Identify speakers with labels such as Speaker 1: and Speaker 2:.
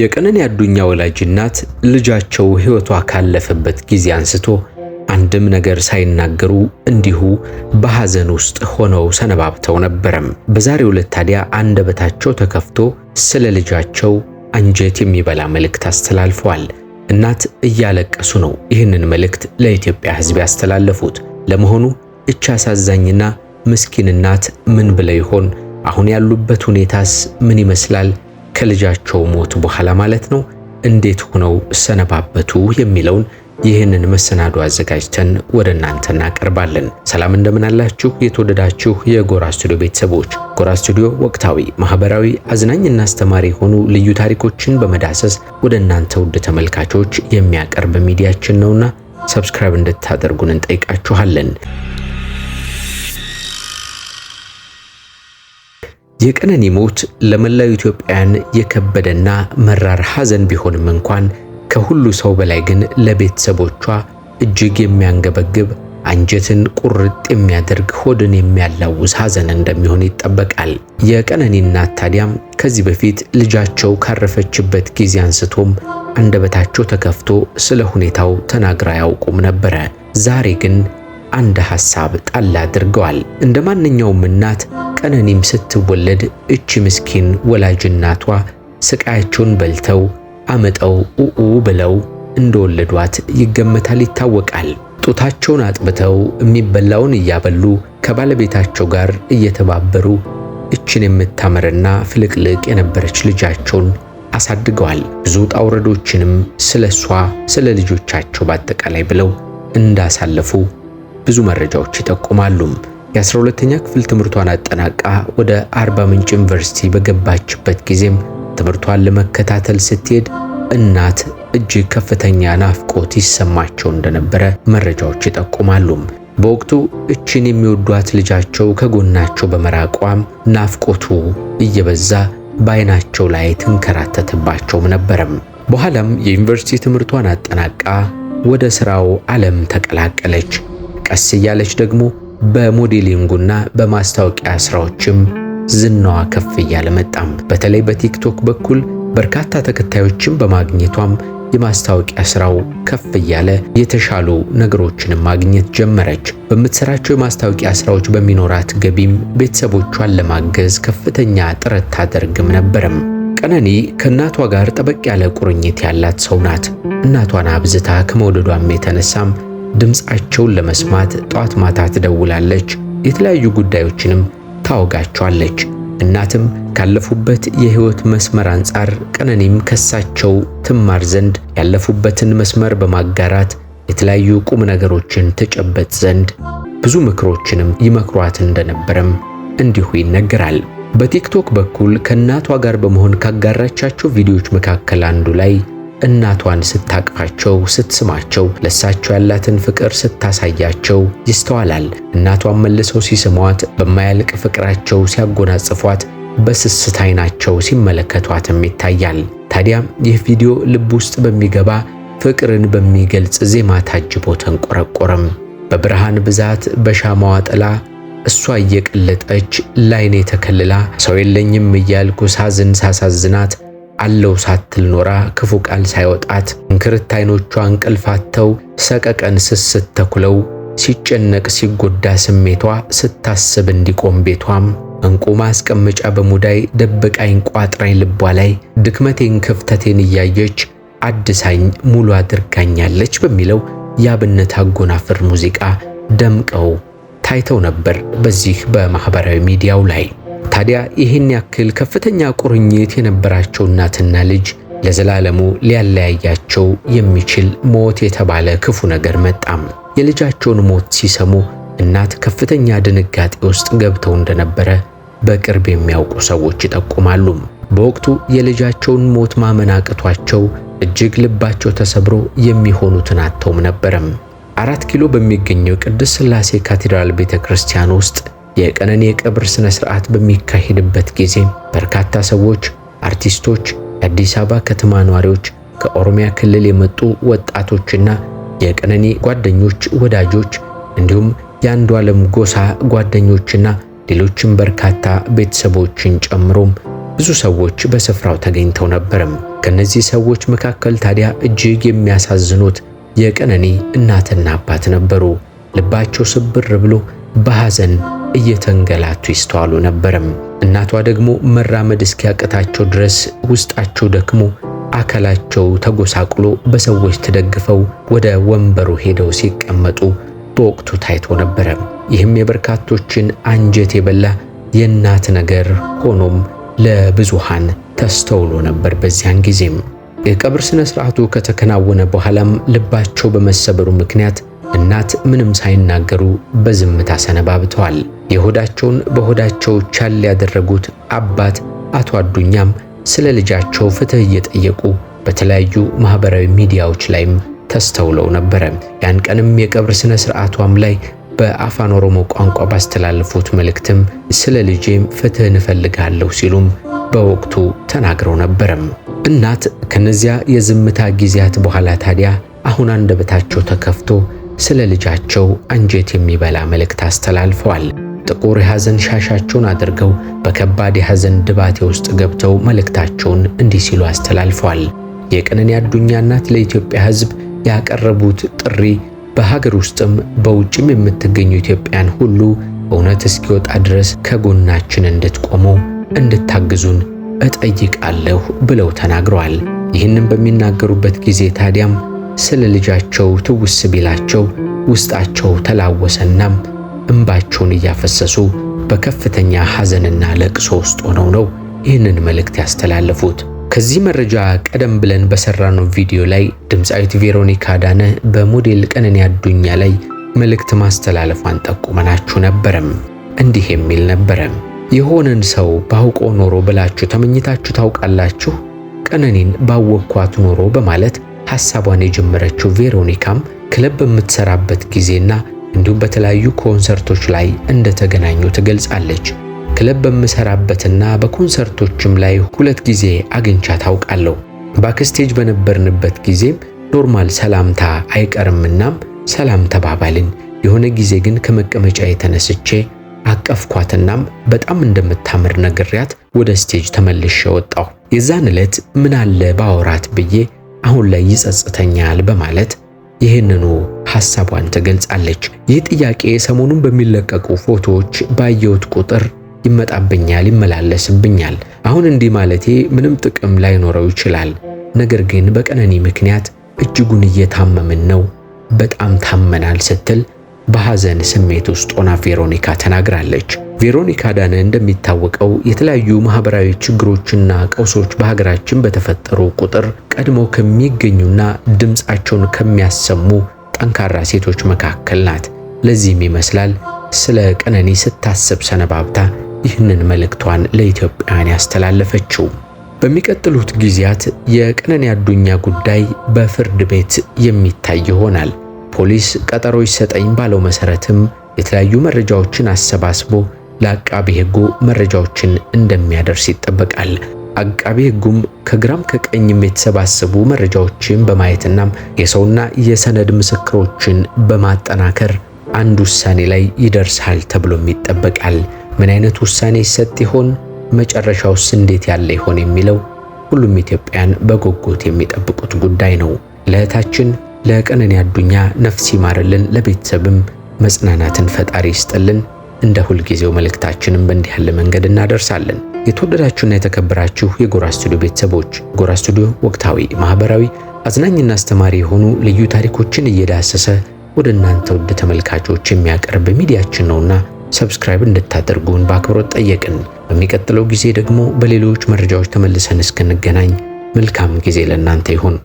Speaker 1: የቀነኒ አዱኛ ወላጅ እናት ልጃቸው ሕይወቷ ካለፈበት ጊዜ አንስቶ አንድም ነገር ሳይናገሩ እንዲሁ በሐዘን ውስጥ ሆነው ሰነባብተው ነበረም። በዛሬው ዕለት ታዲያ አንደበታቸው ተከፍቶ ስለ ልጃቸው አንጀት የሚበላ መልእክት አስተላልፈዋል። እናት እያለቀሱ ነው ይህንን መልእክት ለኢትዮጵያ ሕዝብ ያስተላለፉት። ለመሆኑ እቺ አሳዛኝና ምስኪን እናት ምን ብለው ይሆን? አሁን ያሉበት ሁኔታስ ምን ይመስላል? ከልጃቸው ሞት በኋላ ማለት ነው እንዴት ሆነው ሰነባበቱ የሚለውን ይህንን መሰናዶ አዘጋጅተን ወደ እናንተ እናቀርባለን። ሰላም እንደምን አላችሁ? የተወደዳችሁ የጎራ ስቱዲዮ ቤተሰቦች፣ ጎራ ስቱዲዮ ወቅታዊ፣ ማህበራዊ፣ አዝናኝና አስተማሪ የሆኑ ልዩ ታሪኮችን በመዳሰስ ወደ እናንተ ውድ ተመልካቾች የሚያቀርብ ሚዲያችን ነውና ሰብስክራይብ እንድታደርጉን እንጠይቃችኋለን። የቀነኒ ሞት ለመላው ኢትዮጵያውያን የከበደና መራር ሐዘን ቢሆንም እንኳን ከሁሉ ሰው በላይ ግን ለቤተሰቦቿ እጅግ የሚያንገበግብ አንጀትን ቁርጥ የሚያደርግ ሆድን የሚያላውስ ሐዘን እንደሚሆን ይጠበቃል። የቀነኒ እናት ታዲያም ከዚህ በፊት ልጃቸው ካረፈችበት ጊዜ አንስቶም አንደበታቸው ተከፍቶ ስለ ሁኔታው ተናግራ ያውቁም ነበረ። ዛሬ ግን አንድ ሐሳብ ጣል አድርገዋል። እንደ ማንኛውም እናት ቀነኒም ስትወለድ እቺ ምስኪን ወላጅ እናቷ ስቃያቸውን በልተው አመጠው ኡኡ ብለው እንደወለዷት ይገመታል፣ ይታወቃል። ጡታቸውን አጥብተው የሚበላውን እያበሉ ከባለቤታቸው ጋር እየተባበሩ እችን የምታምርና ፍልቅልቅ የነበረች ልጃቸውን አሳድገዋል። ብዙ ጣውረዶችንም ስለሷ ስለ ልጆቻቸው በአጠቃላይ ብለው እንዳሳለፉ ብዙ መረጃዎች ይጠቁማሉ። የ12ኛ ክፍል ትምህርቷን አጠናቃ ወደ አርባ ምንጭ ዩኒቨርሲቲ በገባችበት ጊዜም ትምህርቷን ለመከታተል ስትሄድ እናት እጅግ ከፍተኛ ናፍቆት ይሰማቸው እንደነበረ መረጃዎች ይጠቁማሉ። በወቅቱ እችን የሚወዷት ልጃቸው ከጎናቸው በመራቋም ናፍቆቱ እየበዛ በአይናቸው ላይ ትንከራተትባቸውም ነበረም። በኋላም የዩኒቨርሲቲ ትምህርቷን አጠናቃ ወደ ስራው ዓለም ተቀላቀለች። ቀስ እያለች ደግሞ በሞዴሊንጉና በማስታወቂያ ስራዎችም ዝናዋ ከፍ እያለ መጣም። በተለይ በቲክቶክ በኩል በርካታ ተከታዮችን በማግኘቷም የማስታወቂያ ስራው ከፍ እያለ የተሻሉ ነገሮችንም ማግኘት ጀመረች። በምትሰራቸው የማስታወቂያ ስራዎች በሚኖራት ገቢም ቤተሰቦቿን ለማገዝ ከፍተኛ ጥረት ታደርግም ነበርም። ቀነኒ ከእናቷ ጋር ጠበቅ ያለ ቁርኝት ያላት ሰው ናት። እናቷን አብዝታ ከመውደዷም የተነሳም ድምፃቸውን ለመስማት ጧት ማታ ትደውላለች፣ የተለያዩ ጉዳዮችንም ታወጋቸዋለች። እናትም ካለፉበት የህይወት መስመር አንጻር ቀነኒም ከሳቸው ትማር ዘንድ ያለፉበትን መስመር በማጋራት የተለያዩ ቁም ነገሮችን ተጨበጥ ዘንድ ብዙ ምክሮችንም ይመክሯት እንደነበረም እንዲሁ ይነገራል። በቲክቶክ በኩል ከእናቷ ጋር በመሆን ካጋራቻቸው ቪዲዮዎች መካከል አንዱ ላይ እናቷን ስታቅፋቸው፣ ስትስማቸው፣ ለሳቸው ያላትን ፍቅር ስታሳያቸው ይስተዋላል። እናቷን መልሰው ሲስሟት፣ በማያልቅ ፍቅራቸው ሲያጎናጽፏት፣ በስስት አይናቸው ሲመለከቷትም ይታያል። ታዲያ ይህ ቪዲዮ ልብ ውስጥ በሚገባ ፍቅርን በሚገልጽ ዜማ ታጅቦ ተንቆረቆረም። በብርሃን ብዛት በሻማዋ ጥላ እሷ እየቀለጠች ላይኔ ተከልላ ሰው የለኝም እያልኩ ሳዝን ሳሳዝናት አለው ሳትል ኖራ ክፉ ቃል ሳይወጣት እንክርት አይኖቿ እንቅልፍ አጥተው ሰቀቀን ስስት ተኩለው ሲጨነቅ ሲጎዳ ስሜቷ ስታስብ እንዲቆም ቤቷም እንቁ ማስቀመጫ በሙዳይ ደብቃኝ ቋጥራኝ ልቧ ላይ ድክመቴን ክፍተቴን እያየች አድሳኝ ሙሉ አድርጋኛለች በሚለው የአብነት አጎናፍር ሙዚቃ ደምቀው ታይተው ነበር በዚህ በማህበራዊ ሚዲያው ላይ። ታዲያ ይህን ያክል ከፍተኛ ቁርኝት የነበራቸው እናትና ልጅ ለዘላለሙ ሊያለያያቸው የሚችል ሞት የተባለ ክፉ ነገር መጣም። የልጃቸውን ሞት ሲሰሙ እናት ከፍተኛ ድንጋጤ ውስጥ ገብተው እንደነበረ በቅርብ የሚያውቁ ሰዎች ይጠቁማሉ። በወቅቱ የልጃቸውን ሞት ማመን አቅቷቸው እጅግ ልባቸው ተሰብሮ የሚሆኑትን አጥተውም ነበረም። አራት ኪሎ በሚገኘው ቅድስት ሥላሴ ካቴድራል ቤተ ክርስቲያን ውስጥ የቀነኒ የቀብር ስነ ስርዓት በሚካሄድበት ጊዜ በርካታ ሰዎች፣ አርቲስቶች፣ የአዲስ አበባ ከተማ ነዋሪዎች፣ ከኦሮሚያ ክልል የመጡ ወጣቶችና የቀነኒ ጓደኞች፣ ወዳጆች እንዲሁም የአንዱ ዓለም ጎሳ ጓደኞችና ሌሎችም በርካታ ቤተሰቦችን ጨምሮ ብዙ ሰዎች በስፍራው ተገኝተው ነበርም። ከነዚህ ሰዎች መካከል ታዲያ እጅግ የሚያሳዝኑት የቀነኒ እናትና አባት ነበሩ። ልባቸው ስብር ብሎ በሐዘን እየተንገላቱ ይስተዋሉ ነበርም። እናቷ ደግሞ መራመድ እስኪያቅታቸው ድረስ ውስጣቸው ደክሞ አካላቸው ተጎሳቅሎ በሰዎች ተደግፈው ወደ ወንበሩ ሄደው ሲቀመጡ በወቅቱ ታይቶ ነበረ። ይህም የበርካቶችን አንጀት የበላ የእናት ነገር ሆኖም ለብዙሃን ተስተውሎ ነበር። በዚያን ጊዜም የቀብር ስነ ስርዓቱ ከተከናወነ በኋላም ልባቸው በመሰበሩ ምክንያት እናት ምንም ሳይናገሩ በዝምታ ሰነባብተዋል። የሆዳቸውን በሆዳቸው ቻል ያደረጉት አባት አቶ አዱኛም ስለ ልጃቸው ፍትህ እየጠየቁ በተለያዩ ማህበራዊ ሚዲያዎች ላይም ተስተውለው ነበረ። ያን ቀንም የቀብር ስነ ስርዓቷም ላይ በአፋን ኦሮሞ ቋንቋ ባስተላለፉት መልእክትም ስለ ልጄም ፍትህ እንፈልጋለሁ ሲሉም በወቅቱ ተናግረው ነበረም። እናት ከነዚያ የዝምታ ጊዜያት በኋላ ታዲያ አሁን አንደበታቸው ተከፍቶ ስለ ልጃቸው አንጀት የሚበላ መልእክት አስተላልፈዋል። ጥቁር የሐዘን ሻሻቸውን አድርገው በከባድ የሐዘን ድባቴ ውስጥ ገብተው መልእክታቸውን እንዲህ ሲሉ አስተላልፈዋል። የቀነኒ አዱኛ እናት ለኢትዮጵያ ሕዝብ ያቀረቡት ጥሪ በሀገር ውስጥም በውጭም የምትገኙ ኢትዮጵያን ሁሉ እውነት እስኪወጣ ድረስ ከጎናችን እንድትቆሙ እንድታግዙን እጠይቃለሁ ብለው ተናግረዋል። ይህንም በሚናገሩበት ጊዜ ታዲያም ስለ ልጃቸው ትውስ ቢላቸው ውስጣቸው ተላወሰናም እንባቸውን እያፈሰሱ በከፍተኛ ሐዘንና ለቅሶ ውስጥ ሆነው ነው ይህንን መልእክት ያስተላለፉት። ከዚህ መረጃ ቀደም ብለን በሰራነው ቪዲዮ ላይ ድምፃዊት ቬሮኒካ ዳነ በሞዴል ቀነኒ አዱኛ ላይ መልእክት ማስተላለፏን ጠቁመናችሁ ነበረም። እንዲህ የሚል ነበር የሆነን ሰው ባውቆ ኖሮ ብላችሁ ተመኝታችሁ ታውቃላችሁ? ቀነኒን ባወቅኳት ኖሮ በማለት ሐሳቧን የጀመረችው ቬሮኒካም ክለብ በምትሰራበት ጊዜና እንዲሁም በተለያዩ ኮንሰርቶች ላይ እንደተገናኙ ትገልጻለች። ክለብ በምሰራበትና በኮንሰርቶችም ላይ ሁለት ጊዜ አግኝቻ ታውቃለሁ። ባክስቴጅ በነበርንበት ጊዜም ኖርማል ሰላምታ አይቀርምናም ሰላም ተባባልን። የሆነ ጊዜ ግን ከመቀመጫ የተነስቼ አቀፍኳትናም በጣም እንደምታምር ነግሪያት ወደ ስቴጅ ተመልሼ ወጣሁ። የዛን ዕለት ምን አለ ባወራት ብዬ አሁን ላይ ይጸጽተኛል በማለት ይህንኑ ሐሳቧን ትገልጻለች። ይህ ጥያቄ ሰሞኑን በሚለቀቁ ፎቶዎች ባየሁት ቁጥር ይመጣብኛል፣ ይመላለስብኛል። አሁን እንዲህ ማለቴ ምንም ጥቅም ላይኖረው ይችላል። ነገር ግን በቀነኒ ምክንያት እጅጉን እየታመምን ነው፣ በጣም ታመናል ስትል በሐዘን ስሜት ውስጥ ሆና ቬሮኒካ ተናግራለች። ቬሮኒካ ዳነ እንደሚታወቀው የተለያዩ ማህበራዊ ችግሮችና ቀውሶች በሀገራችን በተፈጠሩ ቁጥር ቀድሞ ከሚገኙና ድምፃቸውን ከሚያሰሙ ጠንካራ ሴቶች መካከል ናት። ለዚህም ይመስላል ስለ ቀነኒ ስታስብ ሰነባብታ ይህንን መልእክቷን ለኢትዮጵያውያን ያስተላለፈችው። በሚቀጥሉት ጊዜያት የቀነኒ አዱኛ ጉዳይ በፍርድ ቤት የሚታይ ይሆናል። ፖሊስ ቀጠሮ ይሰጠኝ ባለው መሰረትም የተለያዩ መረጃዎችን አሰባስቦ ለአቃቢ ሕጉ መረጃዎችን እንደሚያደርስ ይጠበቃል። አቃቤ ሕጉም ከግራም ከቀኝም የተሰባሰቡ መረጃዎችን በማየትና የሰውና የሰነድ ምስክሮችን በማጠናከር አንድ ውሳኔ ላይ ይደርሳል ተብሎም ይጠበቃል። ምን አይነት ውሳኔ ይሰጥ ይሆን? መጨረሻውስ እንዴት ያለ ይሆን የሚለው ሁሉም ኢትዮጵያን በጉጉት የሚጠብቁት ጉዳይ ነው። ለእህታችን ለቀነኒ አዱኛ ነፍስ ይማርልን፣ ለቤተሰብም መጽናናትን ፈጣሪ ይስጥልን። እንደ ሁልጊዜው መልእክታችንን በእንዲህ ያለ መንገድ እናደርሳለን። የተወደዳችሁና የተከበራችሁ የጎራ ስቱዲዮ ቤተሰቦች፣ ጎራ ስቱዲዮ ወቅታዊ፣ ማህበራዊ፣ አዝናኝና አስተማሪ የሆኑ ልዩ ታሪኮችን እየዳሰሰ ወደ እናንተ ውድ ተመልካቾች የሚያቀርብ ሚዲያችን ነውና ሰብስክራይብ እንድታደርጉን በአክብሮት ጠየቅን። በሚቀጥለው ጊዜ ደግሞ በሌሎች መረጃዎች ተመልሰን እስክንገናኝ መልካም ጊዜ ለእናንተ ይሁን።